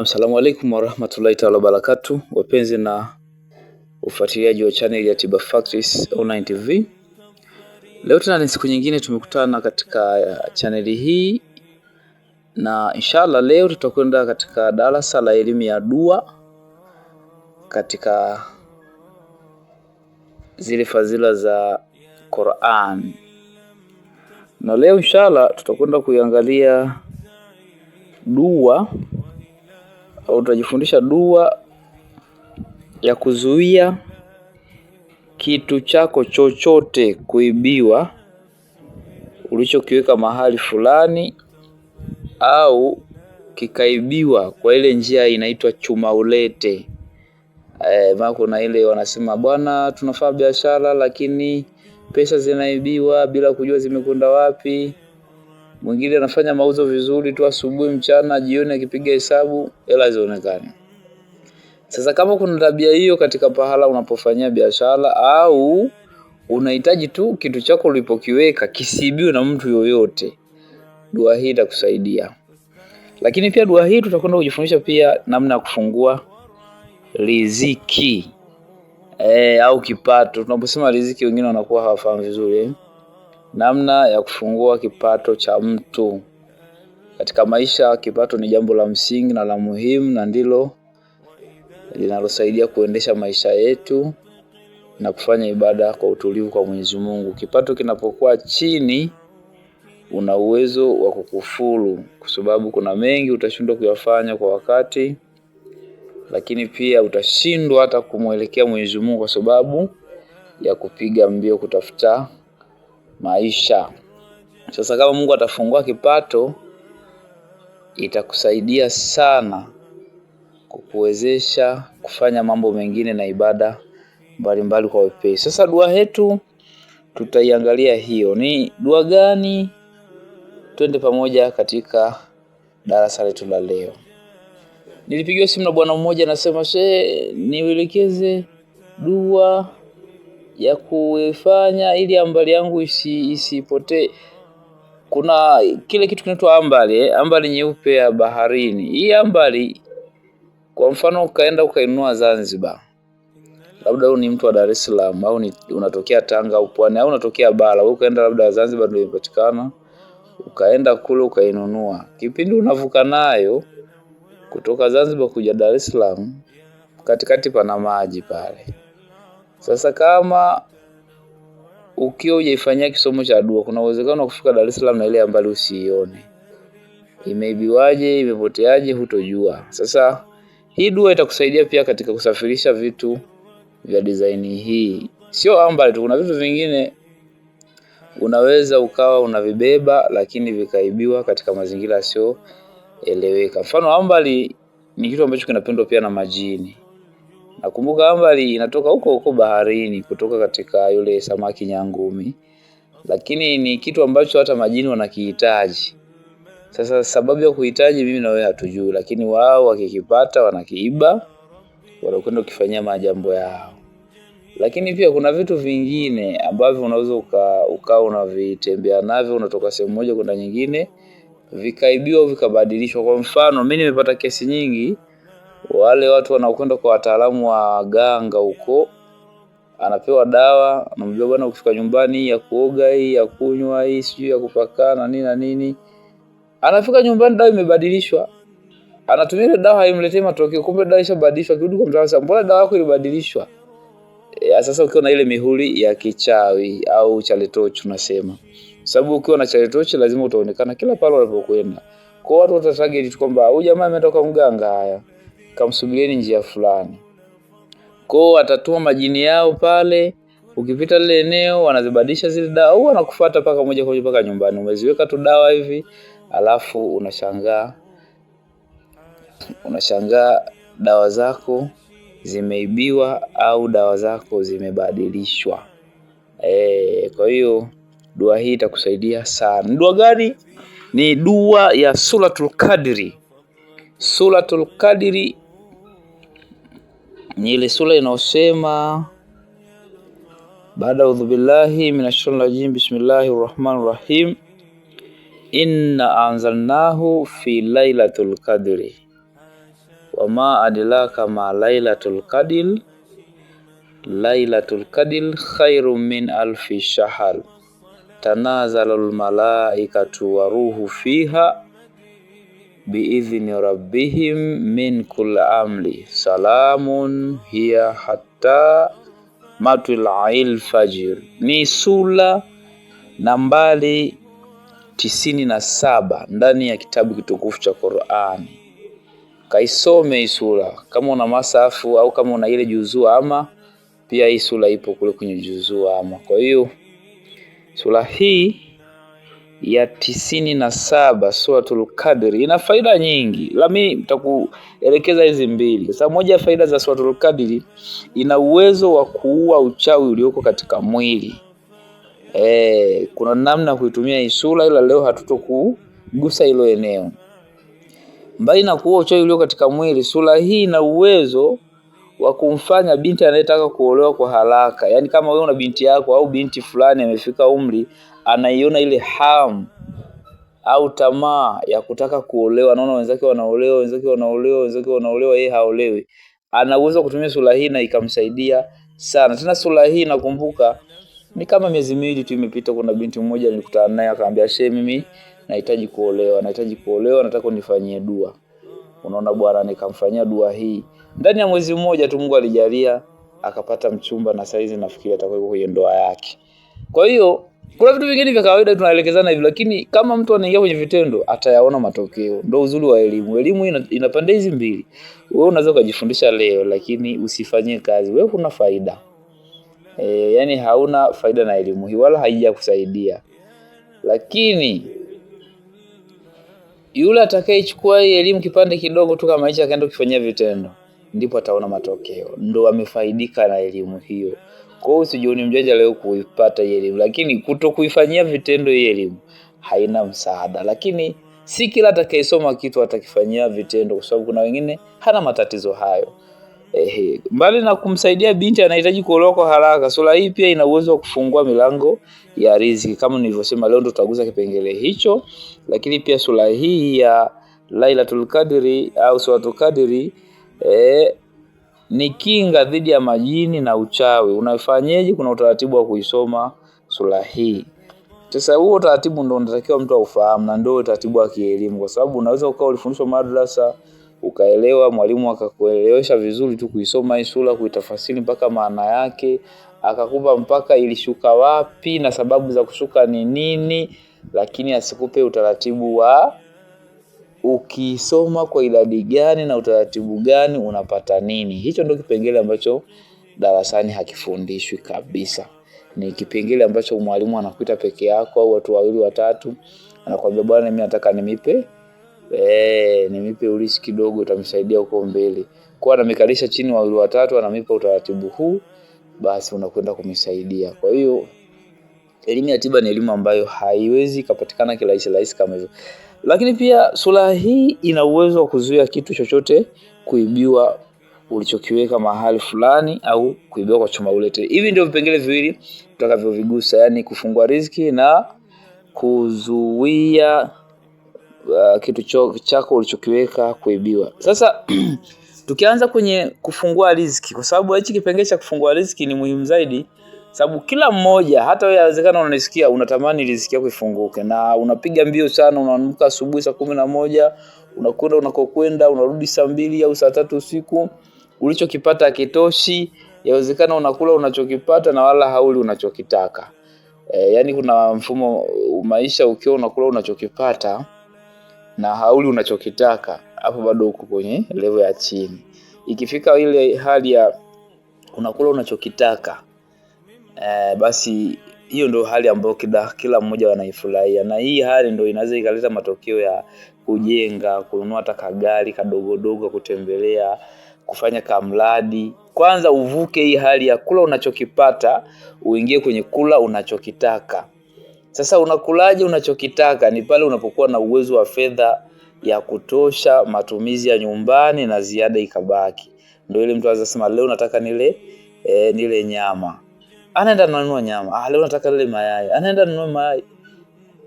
Assalamu alaikum warahmatullahi taala wabarakatu, wapenzi na ufuatiliaji wa chaneli ya Tiba Facts Online TV. Leo tena ni siku nyingine tumekutana katika chaneli hii, na inshallah leo tutakwenda katika darasa la elimu ya dua katika zile fadhila za Qur'an, na leo inshallah tutakwenda kuiangalia dua utajifundisha dua ya kuzuia kitu chako chochote kuibiwa ulichokiweka mahali fulani au kikaibiwa kwa ile njia inaitwa chuma ulete. E, maana kuna ile wanasema bwana, tunafanya biashara lakini pesa zinaibiwa bila kujua zimekwenda wapi. Mwingine anafanya mauzo vizuri tu asubuhi, mchana, jioni, akipiga hesabu hela zionekane. Sasa kama kuna tabia hiyo katika pahala unapofanyia biashara au unahitaji tu kitu chako ulipokiweka kisibiwe na mtu yoyote, dua hii itakusaidia. Lakini pia dua hii tutakwenda kujifundisha pia namna ya kufungua riziki e, au kipato. Tunaposema riziki, wengine wanakuwa hawafahamu vizuri eh? Namna ya kufungua kipato cha mtu. Katika maisha kipato ni jambo la msingi na la muhimu, na ndilo linalosaidia kuendesha maisha yetu na kufanya ibada kwa utulivu kwa Mwenyezi Mungu. Kipato kinapokuwa chini, una uwezo wa kukufuru, kwa sababu kuna mengi utashindwa kuyafanya kwa wakati, lakini pia utashindwa hata kumwelekea Mwenyezi Mungu kwa sababu ya kupiga mbio kutafuta maisha. Sasa kama Mungu atafungua kipato, itakusaidia sana kukuwezesha kufanya mambo mengine na ibada mbalimbali mbali kwa wepesi. Sasa dua yetu tutaiangalia hiyo ni dua gani? Twende pamoja katika darasa letu la leo. Nilipigiwa simu na bwana mmoja, anasema shehe, niwelekeze dua ya kuifanya ili ambali yangu isi, isipotee. Kuna kile kitu kinaitwa ambali eh, ambali nyeupe ya baharini. Hii ambali kwa mfano ukaenda ukainunua Zanzibar, labda ni mtu wa Dar es Salaam au unatokea Tanga au Pwani au unatokea bara, ukaenda labda Zanzibar ndio imepatikana, ukaenda kule ukainunua. Kipindi unavuka nayo kutoka Zanzibar kuja Dar es Salaam, katikati pana maji pale sasa kama ukiwa hujaifanyia kisomo cha dua, kuna uwezekano wa kufika Dar es Salaam na ile ambali usiione, imeibiwaje, imepoteaje, hutojua. Sasa hii dua itakusaidia pia katika kusafirisha vitu vya design hii, sio ambali tu, kuna vitu vingine unaweza ukawa unavibeba lakini vikaibiwa katika mazingira yasiyoeleweka. Mfano ambali ni kitu ambacho kinapendwa pia na majini. Nakumbuka ambari inatoka huko huko baharini kutoka katika yule samaki nyangumi, lakini ni kitu ambacho hata majini wanakihitaji. Sasa sababu ya kuhitaji mimi na wewe hatujui, lakini wao wakikipata wanakiiba, wanakwenda kukifanyia majambo yao. Lakini pia kuna vitu vingine ambavyo unaweza ukawa uka unavitembea navyo, unatoka sehemu moja kwenda nyingine, vikaibiwa vikabadilishwa. Kwa mfano, mimi nimepata kesi nyingi wale watu wanaokwenda kwa wataalamu wa ganga huko, anapewa dawa, anamjua bwana, ukifika nyumbani ya kuoga, hii ya kunywa, hii sijui ya kupaka na nini na nini. Anafika nyumbani dawa imebadilishwa, anatumia ile dawa, haimletei matokeo, kumbe dawa ishabadilishwa. Kirudi kwa mtaalamu, sasa mbona dawa yako ilibadilishwa? Ya sasa ukiwa na ile mihuri ya kichawi au chaletochi tunasema, sababu ukiwa na chaletochi lazima utaonekana kila pale unapokwenda. Kwa watu watatarget kwamba huyu jamaa ametoka mganga haya kamsubirieni njia fulani. ko watatua majini yao pale, ukipita lile eneo wanazibadilisha zile dawa, au wanakufuata paka moja kwa moja paka nyumbani, umeziweka tu dawa hivi, alafu unashangaa unashangaa dawa zako zimeibiwa au dawa zako zimebadilishwa. E, kwa hiyo dua hii itakusaidia sana. Dua gani? Ni dua ya Suratul Kadri. Suratul Kadri ni ile sura inayosema baada audhu udhu billahi minashaitanir rajim bismillahir rahmanir rahim inna anzalnahu fi lailatul qadri wama adlaka ma lailatul qadri lailatul qadri khairu min alfi shahr tanazalul malaikatu wa ruhu fiha biidhni rabbihim min kul amri salamun hiya hatta matlail fajir. Ni sura nambari tisini na saba ndani ya kitabu kitukufu cha Qur'ani. Kaisome hii sura kama una masafu au kama una ile juzuu ama pia hii sura ipo kule kwenye juzuu ama. Kwa hiyo sura hii ya tisini na saba Suratul Kadri ina faida nyingi, lami nitakuelekeza hizi mbili. Sasa moja ya faida za Suratul Kadri ina uwezo wa kuua uchawi ulioko katika mwili. E, kuna namna kuitumia hii sura, ila leo hatutokugusa hilo eneo. Mbali na kuua uchawi ulio katika mwili, sura hii ina uwezo wa kumfanya binti anayetaka kuolewa kwa haraka, yaani kama wewe una binti yako au binti fulani amefika umri anaiona ile hamu au tamaa ya kutaka kuolewa, naona wenzake wanaolewa, wenzake wanaolewa, wenzake wanaolewa, yeye haolewi. Ana uwezo kutumia sura hii na ikamsaidia sana. Tena sura hii nakumbuka ni kama miezi miwili tu imepita, kuna binti mmoja nilikutana naye akaambia, she, mimi nahitaji kuolewa, nahitaji kuolewa, nataka unifanyie dua. Unaona bwana, nikamfanyia dua hii, ndani ya mwezi mmoja tu Mungu alijalia akapata mchumba, na saizi nafikiri atakuwa kwenye ndoa yake. Kwa hiyo kuna vitu vingine vya kawaida tunaelekezana hivyo, lakini kama mtu anaingia kwenye vitendo atayaona matokeo. Ndio uzuri wa elimu. Elimu ina, ina pande hizi mbili. Wewe unaweza ukajifundisha leo, lakini usifanyie kazi, wewe huna faida e, yani hauna faida na elimu hii, wala haijakusaidia. Lakini yule atakayechukua hii elimu kipande kidogo tu kama hicho akaenda kukifanyia vitendo, ndipo ataona matokeo, ndo amefaidika na elimu hiyo. Kwa hiyo usijione mjanja leo kuipata hii elimu, lakini kuto kuifanyia vitendo hii elimu haina msaada. Lakini si kila atakayesoma kitu atakifanyia vitendo, kwa sababu kuna wengine hana matatizo hayo. Ehe, mbali na kumsaidia binti anahitaji kuolewa kwa haraka, sura hii pia ina uwezo wa kufungua milango ya riziki. Kama nilivyosema, leo ndo tutaguza kipengele hicho, lakini pia sura hii ya Lailatul Qadri au Suratul Qadri eh, ni kinga dhidi ya majini na uchawi. Unafanyeje? Kuna utaratibu wa kuisoma sura hii. Sasa huo utaratibu ndio unatakiwa mtu aufahamu, na ndio utaratibu wa kielimu, kwa sababu unaweza ukawa ulifundishwa madrasa ukaelewa, mwalimu akakuelewesha vizuri tu kuisoma hii sura, kuitafasiri mpaka maana yake, akakupa mpaka ilishuka wapi na sababu za kushuka ni nini, lakini asikupe utaratibu wa ukisoma kwa idadi gani na utaratibu gani unapata nini. Hicho ndio kipengele ambacho darasani hakifundishwi kabisa. Ni kipengele ambacho mwalimu anakuita peke yako au watu wawili watatu, anakuambia bwana, mimi nataka nimipe eh, nimipe ulisi kidogo, utamsaidia huko mbele. Kwa anamikalisha chini wawili watatu, anamipa utaratibu huu, basi unakwenda kumsaidia. Kwa hiyo elimu ya tiba ni elimu ambayo haiwezi ikapatikana kirahisi rahisi kama hivyo. Lakini pia sura hii ina uwezo wa kuzuia kitu chochote kuibiwa ulichokiweka mahali fulani au kuibiwa kwa chuma ulete. Hivi ndio vipengele viwili tutakavyovigusa, yani kufungua riziki na kuzuia uh, kitu cho, chako ulichokiweka kuibiwa. Sasa tukianza kwenye kufungua riziki, kwa sababu hichi kipengele cha kufungua riziki ni muhimu zaidi sababu kila mmoja hata wewe inawezekana unanisikia unatamani riziki yako ifunguke na unapiga mbio sana unaamka asubuhi saa kumi na moja unakwenda unakokwenda unarudi saa mbili au saa tatu usiku ulichokipata kitoshi yawezekana unakula unachokipata na wala hauli unachokitaka e, yaani kuna mfumo maisha ukiwa unakula unachokipata na hauli unachokitaka hapo bado uko kwenye levo ya chini ikifika ile hali ya unakula unachokitaka eh, basi hiyo ndio hali ambayo kila, kila mmoja wanaifurahia, na hii hali ndio inaweza ikaleta matokeo ya kujenga, kununua hata kagari kadogodogo kutembelea, kufanya kamradi. Kwanza uvuke hii hali ya kula unachokipata uingie kwenye kula unachokitaka. Sasa unakulaje unachokitaka? Ni pale unapokuwa na uwezo wa fedha ya kutosha matumizi ya nyumbani na ziada ikabaki, ndio ile mtu anaweza sema leo nataka nile, e, nile nyama anaenda nanunua nyama. Ah, leo nataka nile mayai, anaenda nunua mayai.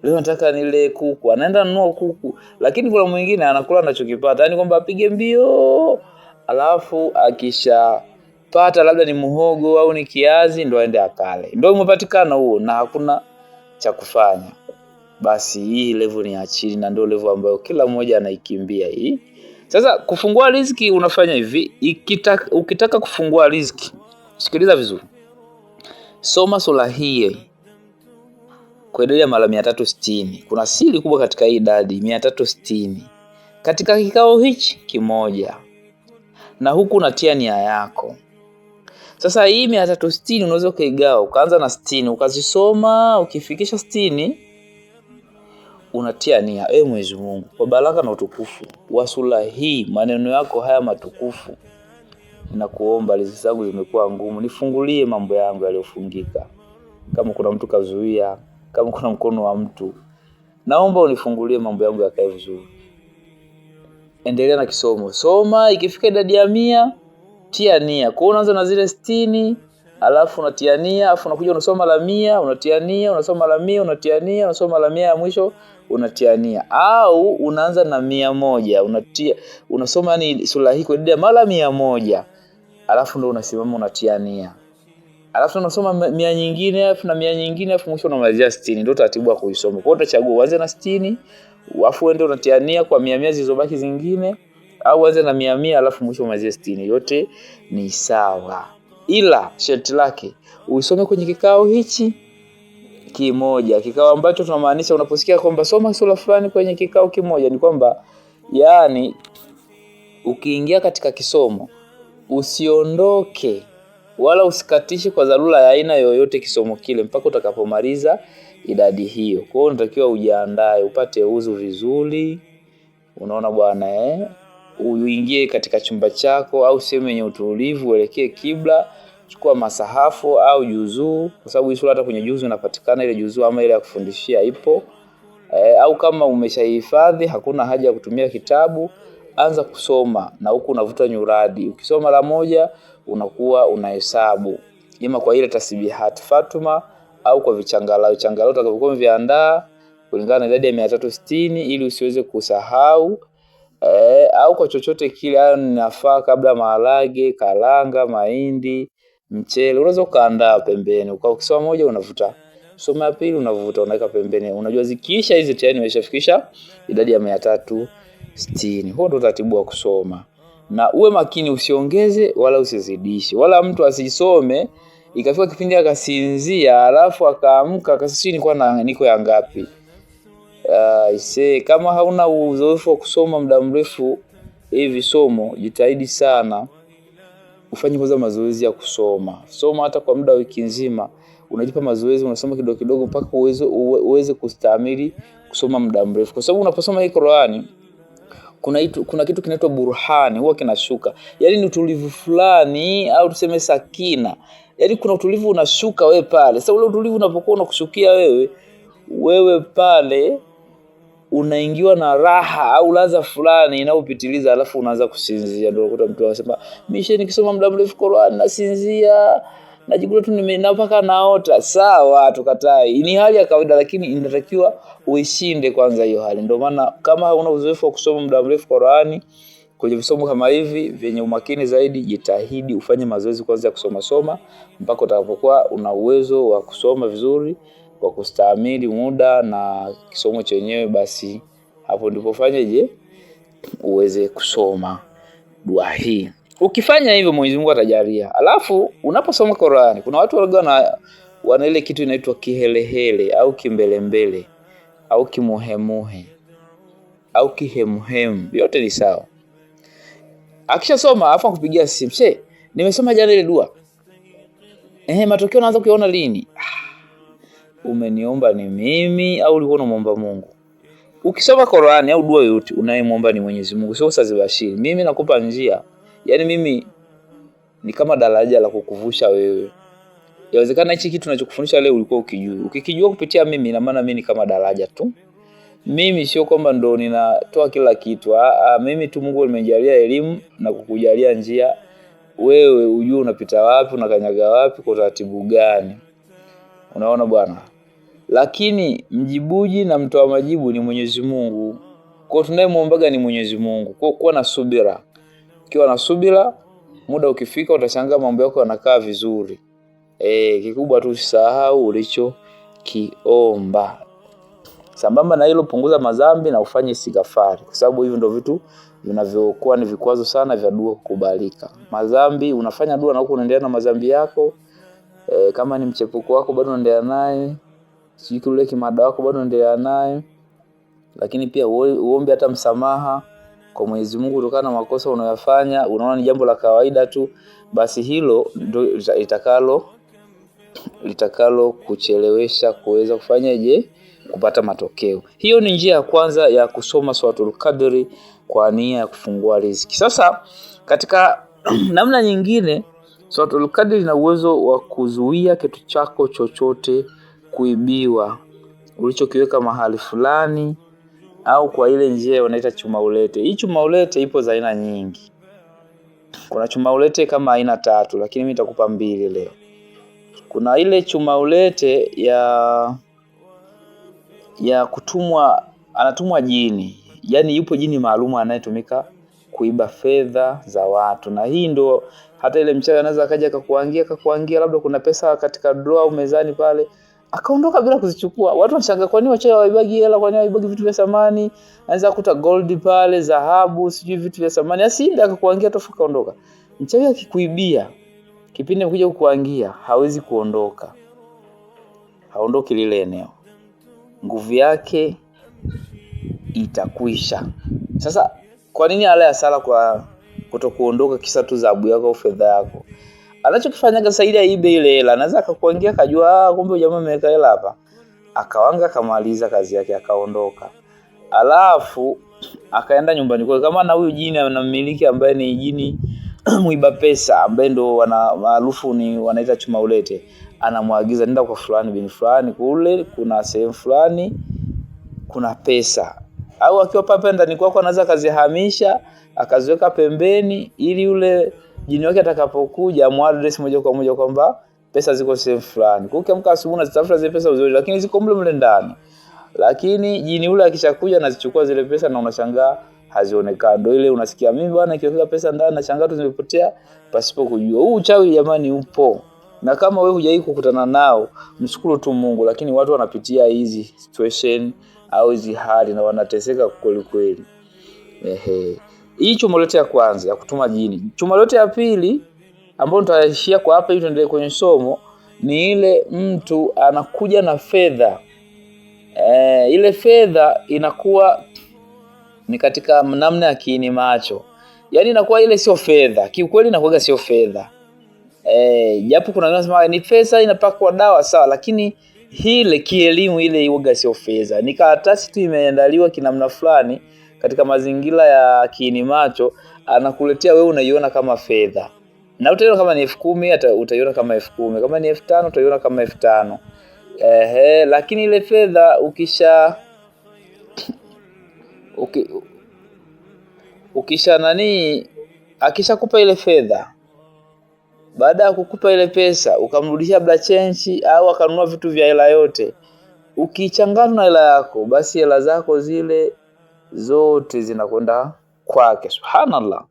Leo nataka nile kuku, anaenda nunua kuku. Lakini kuna mwingine anakula anachokipata, yani kwamba apige mbio, alafu akisha pata labda ni muhogo au ni kiazi, ndo aende akale, ndo umepatikana huo na hakuna cha kufanya. Basi hii level ni ya chini na ndio level ambayo kila mmoja anaikimbia hii. Sasa kufungua riziki unafanya hivi, ukitaka kufungua riziki, sikiliza vizuri Soma sura hii ya mara mia tatu sitini. Kuna siri kubwa katika hii idadi mia tatu sitini katika kikao hichi kimoja, na huku unatia nia yako. Sasa hii mia tatu sitini unaweza ukaigawa, ukaanza na sitini ukazisoma, ukifikisha sitini unatia nia, e Mwenyezi Mungu, kwa baraka na utukufu wa sura hii, maneno yako haya matukufu Ninakuomba, riziki zangu zimekuwa ngumu, nifungulie mambo yangu yaliyofungika. Kama kuna mtu kazuia, kama kuna mkono wa mtu, naomba unifungulie mambo yangu yakae vizuri. Endelea na kisomo, soma. Ikifika idadi ya mia, tia nia. Kwa unaanza na zile sitini alafu unatia nia, alafu unakuja unasoma la mia, unatia nia, unasoma la mia, unatia nia, unasoma la mia ya mwisho unatia nia. Au unaanza na mia moja unatia, unasoma yani sura hii kwa idadi ya mara mia moja alafu ndo unasimama unatia nia, alafu unasoma mia nyingine alafu na mia nyingine alafu mwisho unamalizia sitini. Ndio taratibu ya kuisoma. Kwa hiyo utachagua uanze na sitini alafu uende unatia nia kwa mia mia zilizobaki zingine, au uanze na mia mia alafu mwisho umalizie sitini. Yote ni sawa, ila sharti lake uisome kwenye kikao hichi kimoja, kikao ambacho tunamaanisha, unaposikia kwamba soma sura fulani kwenye kikao kimoja, ni kwamba yani ukiingia katika kisomo usiondoke wala usikatishe kwa dharura ya aina yoyote kisomo kile mpaka utakapomaliza idadi hiyo. Kwa hiyo unatakiwa ujiandae, upate uzu vizuri, unaona bwana eh? Uingie katika chumba chako au sehemu yenye utulivu, uelekee kibla, chukua masahafu au juzuu, kwa sababu hii sura hata kwenye juzuu inapatikana, ile juzuu ama ile ya kufundishia ipo. eh, au kama umeshahifadhi hakuna haja ya kutumia kitabu anza kusoma na huku unavuta nyuradi. Ukisoma la moja unakuwa unahesabu ima kwa ile tasbihat Fatuma au kwa vichangalao changalao utakavyokuwa umeviandaa kulingana na idadi ya mia tatu sitini ili usiweze kusahau e, au kwa chochote kile. Hayo ninafaa kabla maharage, karanga, mahindi, mchele unaweza ukaandaa pembeni, Kwa ukisoma moja unavuta soma ya pili unavuta unaweka pembeni, unajua zikiisha hizi tayari umeshafikisha idadi ya mia tatu sitini. Huo ndo utaratibu wa kusoma, na uwe makini, usiongeze wala usizidishe, wala mtu asisome ikafika kipindi akasinzia, alafu akaamka akasisi nilikuwa na niko ya ngapi? Uh, ise kama hauna uzoefu wa kusoma muda mrefu hivi somo, jitahidi sana ufanye kwanza mazoezi ya kusoma. Soma hata kwa muda wiki nzima, unajipa mazoezi, unasoma kidogo kidogo mpaka uweze uweze kustahimili kusoma muda mrefu, kwa sababu unaposoma hii Qur'ani kuna, itu, kuna kitu kinaitwa burhani huwa kinashuka, yaani ni utulivu fulani au tuseme sakina, yaani kuna utulivu unashuka wewe pale. Sasa ule utulivu unapokuwa unakushukia wewe, wewe pale unaingiwa na raha au laza fulani inayopitiliza, alafu unaanza kusinzia. Ndio unakuta mtu anasema mimi nikisoma muda mrefu Qur'an nasinzia najikuta tu mpaka naota. Sawa, tukatai, ni hali ya kawaida, lakini inatakiwa uishinde kwanza hiyo hali. Ndio maana kama hauna uzoefu wa kusoma muda mrefu Qur'ani kwenye visomo kama hivi vyenye umakini zaidi, jitahidi ufanye mazoezi kwanza ya kusoma soma mpaka utakapokuwa una uwezo wa kusoma vizuri kwa kustahimili muda na kisomo chenyewe, basi hapo ndipo je uweze kusoma dua hii. Ukifanya hivyo Mwenyezi Mungu atajalia. Alafu unaposoma Qur'ani, kuna watu walikuwa na wana ile kitu inaitwa kihelehele au kimbelembele au kimuhemuhe au kihemuhemu, yote ni sawa. Akishasoma alafu akupigia simu, she, nimesoma jana ile dua ehe, matokeo naanza kuona lini? Ah, Umeniomba ni mimi au ulikuwa unamwomba Mungu? Ukisoma Qur'ani au dua yoyote, unayemwomba ni Mwenyezi Mungu, sio Ustadh Bashiri. Mimi nakupa njia yaani mimi ni kama daraja la kukuvusha wewe. Yawezekana hichi kitu ninachokufundisha leo ulikuwa ukijua, ukikijua kupitia mimi, ina maana mimi ni kama daraja tu. Mimi sio kwamba ndo ninatoa kila kitu. Aa, ah, ah, mimi tu Mungu amenijalia elimu na kukujalia njia, wewe ujue unapita wapi, unakanyaga wapi, kwa utaratibu gani. Unaona bwana, lakini mjibuji na mtoa majibu ni Mwenyezi Mungu, kwa tunayemwombaga ni Mwenyezi Mungu, kwa kuwa na subira ukiwa na subira, muda ukifika utashangaa mambo yako yanakaa vizuri. E, kikubwa tu usisahau ulicho kiomba. Sambamba na hilo, punguza madhambi na ufanye istighfari, kwa sababu hivi ndio vitu vinavyokuwa ni vikwazo sana vya dua kukubalika. Madhambi, unafanya dua na huko unaendelea na madhambi yako. E, kama ni mchepuko wako bado unaendelea naye, sijui kule kimada wako bado unaendelea naye, lakini pia uombe hata msamaha kwa Mwenyezi Mungu kutokana na makosa unayofanya, unaona ni jambo la kawaida tu, basi hilo ndio litakalo litakalo kuchelewesha kuweza kufanyaje kupata matokeo. Hiyo ni njia ya kwanza ya kusoma Suratul Kadri kwa nia ya kufungua riziki. Sasa katika namna nyingine, Suratul Kadri ina uwezo wa kuzuia kitu chako chochote kuibiwa, ulichokiweka mahali fulani au kwa ile njia wanaita chuma ulete. Hii chuma ulete ipo za aina nyingi. Kuna chuma ulete kama aina tatu, lakini mimi nitakupa mbili leo. Kuna ile chuma ulete ya ya kutumwa, anatumwa jini, yaani yupo jini maalumu anayetumika kuiba fedha za watu, na hii ndo hata ile mchawi anaweza akaja akakuangia akakuangia, labda kuna pesa katika draw au mezani pale akaondoka bila kuzichukua. Watu wanashanga kwa nini wachawi waibagi hela, kwa nini waibagi vitu vya thamani? Anaweza kukuta gold pale, dhahabu, sijui vitu vya thamani. Asinde akakuangia tofu kaondoka. Mchawi akikuibia kipindi mkuja kukuangia, hawezi kuondoka. Haondoki lile eneo. Nguvu yake itakwisha. Sasa kwa nini ala ya sala kwa kutokuondoka kisa tu dhahabu yako au fedha yako? anachokifanyaga Saidi aibe ile hela, anaweza akakuangia kajua, ah, kumbe jamaa ameweka hela hapa, akawanga akamaliza kazi yake akaondoka, alafu akaenda nyumbani kwake, kama na huyu jini anamiliki ambaye ni jini mwiba pesa ambaye ndo wana maarufu ni wanaita chuma ulete, anamwagiza nenda kwa fulani bin fulani, kule kuna sehemu fulani kuna pesa au akiwa papa ndani kwako, anaweza akazihamisha akaziweka pembeni ili yule jini wake atakapokuja amuadress moja kwa moja kwamba pesa ziko sehemu fulani. Kwa hiyo ukiamka asubuhi unazitafuta zile pesa uzuri, lakini ziko mle mle ndani. Lakini jini ule akishakuja anazichukua zile pesa na unashangaa hazionekani. Ndio ile unasikia mimi bwana nikiweka pesa ndani na shangaa tu zimepotea pasipo kujua. Huu uchawi jamani upo. Na kama wewe hujai kukutana nao, mshukuru tu Mungu, lakini watu wanapitia hizi situation au hizi hali na wanateseka kweli kweli. Ehe. Hii chuma lote ya kwanza ya kutuma jini. Chuma lote ya pili ambayo nitaishia kwa hapa ili tuendelee kwenye somo ni ile mtu anakuja na fedha e, ile fedha inakuwa ni katika namna ya kiini macho, yaani inakuwa ile sio fedha kiukweli, inakuwa sio fedha eh, japo kuna wanasema ah, ni pesa inapakwa dawa sawa, lakini hile kielimu ile iwaga sio fedha, ni karatasi tu imeandaliwa kinamna fulani katika mazingira ya kiini macho anakuletea wewe unaiona kama fedha na utaiona kama ni elfu kumi utaiona kama elfu kumi kama ni elfu tano utaiona kama elfu tano ehe, lakini ile fedha ukisha uki, ukisha nani akishakupa ile fedha, baada ya kukupa ile pesa ukamrudishia bla chenchi au akanunua vitu vya hela yote, ukichanganywa na hela yako, basi hela zako zile zote zinakwenda kwake, subhanallah.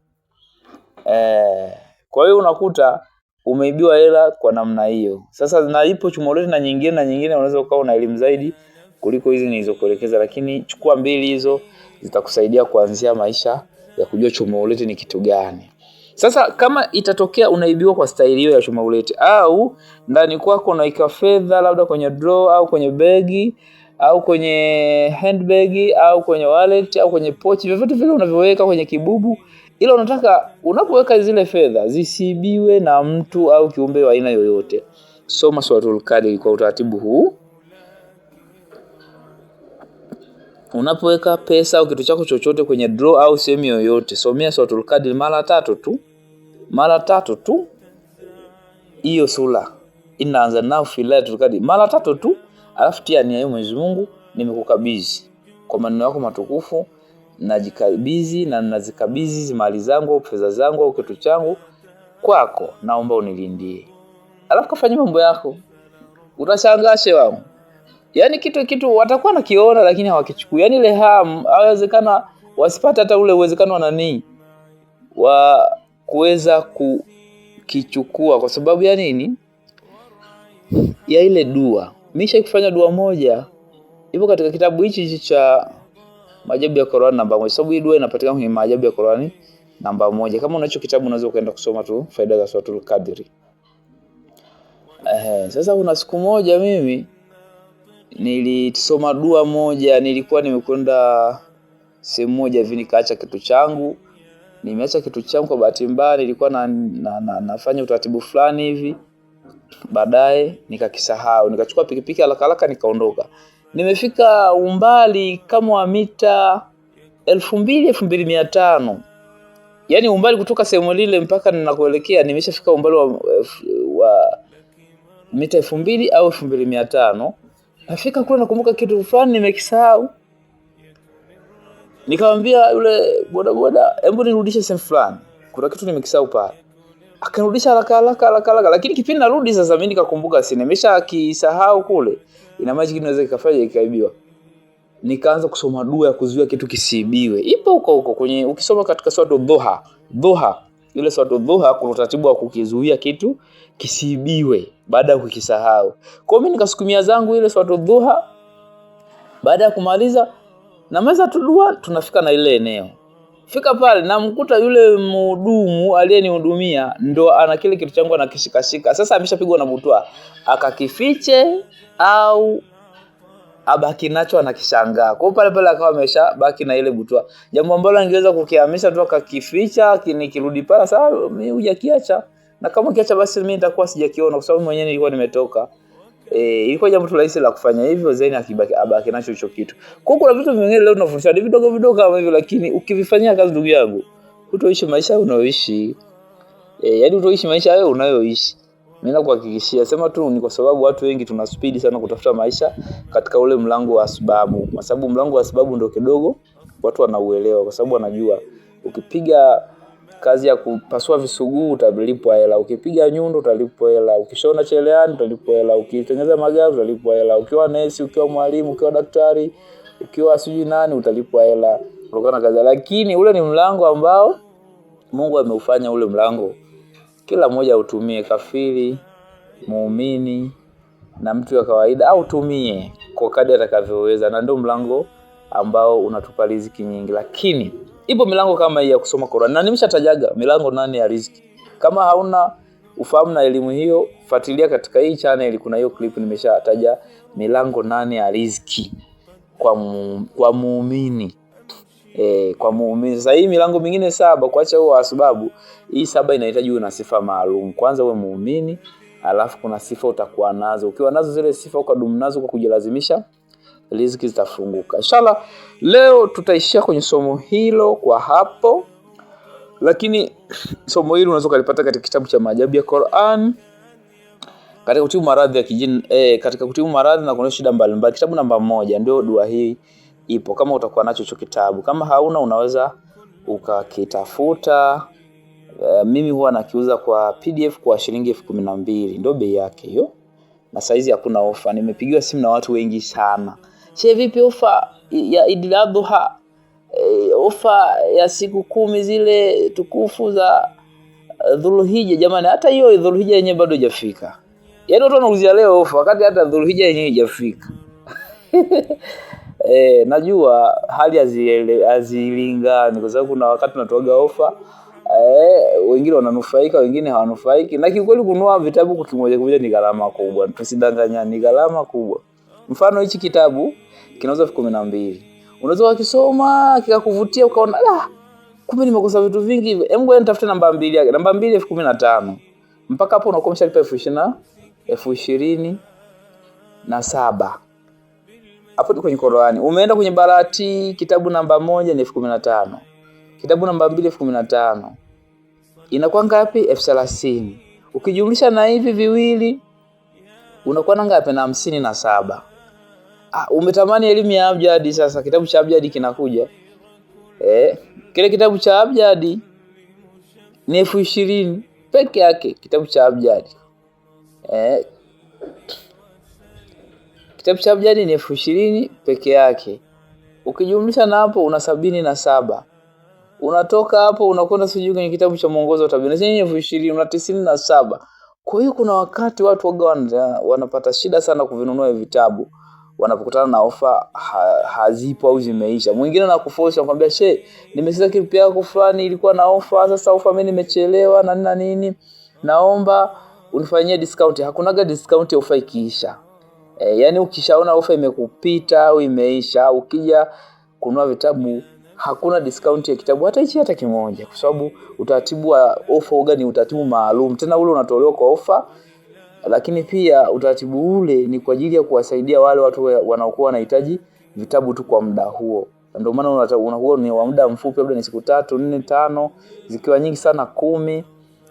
Eh, kwa hiyo unakuta umeibiwa hela kwa namna hiyo. Sasa naipo chumoleti na nyingine na nyingine, unaweza ukawa una elimu zaidi kuliko hizi nilizokuelekeza, lakini chukua mbili hizo zitakusaidia kuanzia maisha ya kujua chumoleti ni kitu gani. Sasa kama itatokea unaibiwa kwa staili hiyo ya chuma au ndani kwako unaweka fedha labda kwenye draw au kwenye begi au kwenye handbag au kwenye wallet au kwenye pochi, vyovyote vile unavyoweka kwenye kibubu, ila unataka unapoweka zile fedha zisibiwe na mtu au kiumbe wa aina yoyote. Soma suratul Kadri kwa utaratibu huu. Unapoweka pesa au kitu chako chochote kwenye draw au sehemu yoyote, somea suratul Kadri mara tatu tu, mara tatu tu, hiyo sura inaanza nao fi mara tatu tu Alafu tia nia hiyo, Mwenyezi Mungu, nimekukabidhi kwa maneno yako matukufu, najikabidhi na nazikabidhi mali zangu au fedha zangu au kitu changu kwako, naomba unilindie. Alafu kafanya mambo yako, utashangaa shehe wangu. Yaani kitu kitu watakuwa nakiona lakini hawakichukui. Yaani ile hamu hawezekana wasipate hata ule uwezekano wa nani wa kuweza kukichukua kwa sababu ya nini? Ya ile dua. Nisha kufanya dua moja ipo katika kitabu hichi cha Maajabu ya Qur'an namba moja, sababu hii dua inapatikana kwenye Maajabu ya Qur'an namba moja. Kama unacho kitabu unaweza ukaenda kusoma tu faida za Suratul Kadri. Eh, sasa kuna siku moja mimi nilisoma dua moja, nilikuwa nimekwenda sehemu moja hivi nikaacha kitu changu. Nimeacha kitu changu kwa bahati mbaya, nilikuwa na, na, na, nafanya utaratibu fulani hivi baadaye nikakisahau, nikachukua pikipiki haraka haraka nikaondoka. Nimefika umbali kama wa mita elfu mbili elfu mbili mia tano yaani umbali kutoka sehemu lile mpaka ninakoelekea nimeshafika umbali wa, wa mita elfu mbili au elfu mbili mia tano nafika kule, nakumbuka kitu fulani nimekisahau, nikamwambia yule bodaboda, hebu nirudishe sehemu fulani, kuna kitu nimekisahau pale akarudisha haraka haraka haraka haraka, lakini kipindi narudi sasa, mimi nikakumbuka sina, nimesha kisahau kule, ina maana kingine inaweza kikafanya ikaibiwa. Nikaanza kusoma dua ya kuzuia kitu kisiibiwe, ipo huko huko kwenye, ukisoma katika swala dhuha dhuha, ile swala dhuha kuna utaratibu wa kukizuia kitu kisiibiwe baada ya kukisahau. Kwa mimi nikasukumia zangu ile swala dhuha, baada ya kumaliza na meza tu dua, tunafika na ile eneo fika pale namkuta yule mhudumu aliyenihudumia ndo ana kile kitu changu anakishikashika. Sasa ameshapigwa na butwa, akakifiche au abaki nacho anakishangaa. Kwa pale pale akawa amesha baki na ile butwa, jambo ambalo angeweza kukihamisha tu akakificha, nikirudi pale sasa ah, mimi hujakiacha, na kama kiacha basi mimi nitakuwa sijakiona, kwa sababu mwenyewe nilikuwa nimetoka eh, ilikuwa jambo tu rahisi la kufanya hivyo, akibaki abaki nacho hicho kitu. Kwa kuna vitu vingine leo tunafundishwa ni vidogo vidogo kama hivyo, lakini ukivifanyia kazi, ndugu yangu, hutoishi maisha unayoishi. eh, yaani hutoishi maisha wewe unayoishi. Mimi nakuhakikishia, sema tu ni kwa sababu watu wengi tuna speed sana kutafuta maisha katika ule mlango wa sababu, kwa sababu mlango wa sababu ndio kidogo watu wanauelewa, kwa sababu wanajua ukipiga kazi ya kupasua visuguu utalipwa hela, ukipiga nyundo utalipwa hela, ukishona cheleani utalipwa hela, ukitengeneza magari utalipwa hela, ukiwa nesi, ukiwa mwalimu, ukiwa daktari, ukiwa sijui nani utalipwa hela kutokana na kazi. Lakini ule ni mlango ambao Mungu ameufanya ule mlango kila mmoja utumie, kafiri, muumini na mtu wa kawaida utumie kwa kadri atakavyoweza, na ndio mlango ambao unatupa riziki nyingi, lakini Ipo milango kama hii ya kusoma Qur'an. Na nimeshatajaga milango nane ya riziki. Kama hauna ufahamu na elimu hiyo, fuatilia katika hii channel kuna hiyo clip nimeshataja milango nane ya riziki kwa mu, kwa muumini. E, kwa muumini. Sasa hii milango mingine saba kuacha huo sababu, hii saba inahitaji uwe na sifa maalum. Kwanza uwe muumini, alafu kuna sifa utakuwa nazo. Ukiwa nazo zile sifa ukadumu nazo kwa kujilazimisha riziki zitafunguka. Inshallah, leo tutaishia kwenye somo hilo kwa hapo, lakini somo hili unaweza ukalipata katika kitabu cha maajabu ya Qur'an katika kutibu maradhi ya kijini eh, katika kutibu maradhi na kuondoa shida mbalimbali. Kitabu namba moja ndio dua hii ipo, kama utakuwa nacho hicho kitabu. Kama hauna unaweza ukakitafuta. Uh, mimi huwa nakiuza kwa PDF kwa shilingi elfu kumi na mbili ndio bei yake hiyo, na saizi hakuna ofa. Nimepigiwa simu na watu wengi sana. She vipi ufa ya Idul Adha, ufa eh, ya siku kumi zile tukufu za eh, Dhulhija? Jamani, hata hiyo Dhulhija yenyewe bado hajafika. Yaani watu wanauzia leo ufa wakati hata Dhulhija yenyewe hajafika. E, eh, najua hali hazilingani kwa sababu kuna wakati natoaga ofa e, wengine wananufaika, wengine hawanufaiki, na kiukweli kunua vitabu kwa kimoja kimoja ni gharama kubwa, tusidanganyani, ni gharama kubwa. Mfano hichi kitabu kinauza elfu kumi na mbili unaweza ukakisoma kikakuvutia, ukaona la, ah, kumbe nimekosa vitu vingi hivi, hebu ngoja nitafute namba mbili yake, namba mbili elfu kumi na tano mpaka hapo unakuwa umeshalipa elfu ishirini elfu ishirini na saba hapo ni kwenye Qur'ani. Umeenda kwenye barati, kitabu namba moja ni elfu kumi na tano kitabu namba mbili elfu kumi na tano inakuwa ngapi? elfu thelathini ukijumlisha na hivi viwili unakuwa na ngapi? na hamsini na saba ah, umetamani elimu ya abjadi. Sasa kitabu cha abjadi kinakuja eh, kile kitabu cha abjadi ni elfu ishirini peke yake, kitabu cha abjadi eh, kitabu cha abjadi ni elfu ishirini peke yake, ukijumlisha na hapo una sabini na saba unatoka hapo unakwenda sijui kwenye kitabu cha mwongozo wa tabia chenye elfu ishirini una tisini na saba. Kwa hiyo kuna wakati watu waga wanapata shida sana kuvinunua vitabu wanapokutana na ofa ha, hazipo au zimeisha. Mwingine anakuforce anakuambia, she, nimesikia clip yako fulani ilikuwa na ofa, sasa ofa mimi nimechelewa na nina nini, naomba unifanyie discount. Hakunaga discount ofa ikiisha. E, yani ukishaona ofa imekupita au imeisha, ukija kununua vitabu hakuna discount ya kitabu hata hichi hata kimoja, kwa sababu utaratibu wa ofa uga ni utaratibu maalum, tena ule unatolewa kwa ofa lakini pia utaratibu ule ni kwa ajili ya kuwasaidia wale watu wanaokuwa wanahitaji vitabu tu kwa muda huo. Ndio maana unakuwa ni wa muda mfupi, labda ni siku tatu nne tano, zikiwa nyingi sana kumi.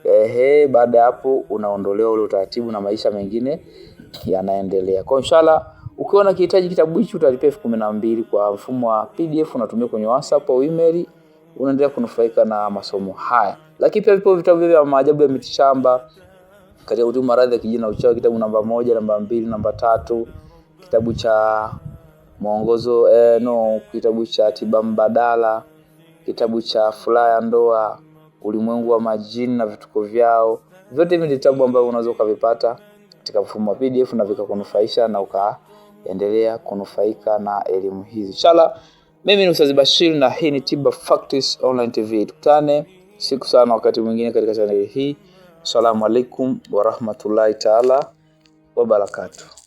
Ehe, baada ya hapo unaondolewa ule utaratibu na maisha mengine yanaendelea. Kwa inshallah ukiwa kihitaji kitabu hicho utalipa elfu kumi na mbili kwa mfumo wa PDF unatumia kwenye WhatsApp au email, unaendelea kunufaika na masomo haya. Lakini pia vipo vitabu vya maajabu ya mitishamba katika kutibu maradhi ya kijina uchawi, kitabu namba moja, namba mbili, namba tatu, kitabu cha mwongozo eh, no, kitabu cha tiba mbadala, kitabu cha furaha ya ndoa, ulimwengu wa majini na vituko vyao. Vyote hivi ni vitabu ambavyo unaweza ukavipata katika mfumo wa PDF na vikakunufaisha na ukaendelea kunufaika na elimu hizi. Inshallah, mimi ni Ustadh Bashir na hii ni Tiba Facts Online TV. Tukutane siku sana wakati mwingine katika chaneli hii. Assalamu alaikum warahmatullahi taala wabarakatuh.